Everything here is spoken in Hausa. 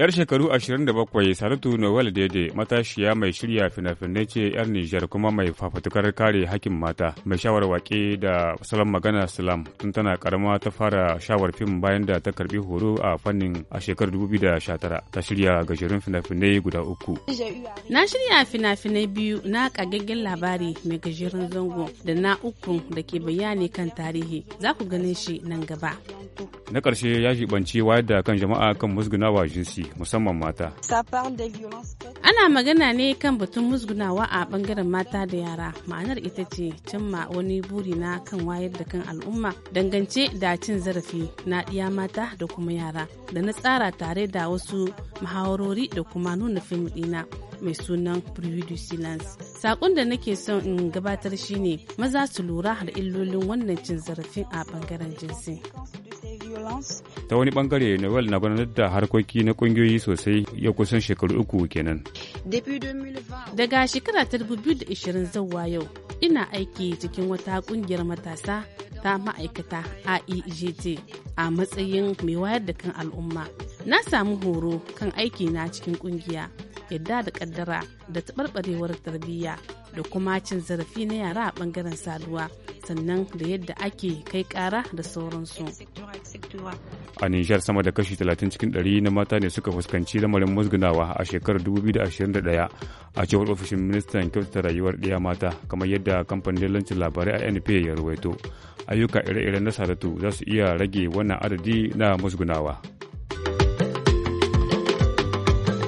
Yar shekaru 27 Saratu Noel Dede matashiya mai shirya fina-finai ce 'yar Nijar kuma mai fafatukar kare hakkin mata, mai shawar wake da salon magana Salam tun tana karama ta fara shawar fim bayan da ta karbi horo a fannin a shekarar 2019 ta shirya gajerun fina-finai guda uku. Na shirya fina-finai biyu na kagaggen labari mai gajerun zango da na uku da ke bayani kan tarihi za ku ganin shi nan gaba. Na ƙarshe ya jibanci wayar da kan jama'a kan musgunawa jinsi musamman mata. Ana magana ne kan batun musgunawa a bangaren mata da yara ma'anar ita ce cimma wani buri na kan wayar da kan al'umma dangance da cin zarafi na ɗiya mata da kuma yara da na tsara tare da wasu muhawarori da kuma nuna fim ɗina. mai sunan Previdu Silence. Sakon da nake son in gabatar shine maza su lura da illolin wannan cin zarafin a bangaren jinsi. ta wani bangare noel na gudanar da harkoki na kungiyoyi sosai ya kusan shekaru uku kenan daga shekara ta 2020 zuwa yau ina aiki cikin wata kungiyar matasa ta ma'aikata aejt a matsayin mai wayar da kan al'umma na samu horo kan aiki na cikin kungiya yadda da kaddara da taɓarɓarewar tarbiyya da kuma cin zarafi na yara a bangaren saduwa sannan da yadda ake kai kara da sauransu a nijar sama da kashi 30 cikin 100 na mata ne suka fuskanci lamarin musgunawa a shekarar 2021 a cewar ofishin ministan kyautata rayuwar ɗaya mata kamar yadda kamfanin lancin labarai a npa ya rawaito ayyuka ire-iren na saratu za su iya rage wannan adadi na musgunawa.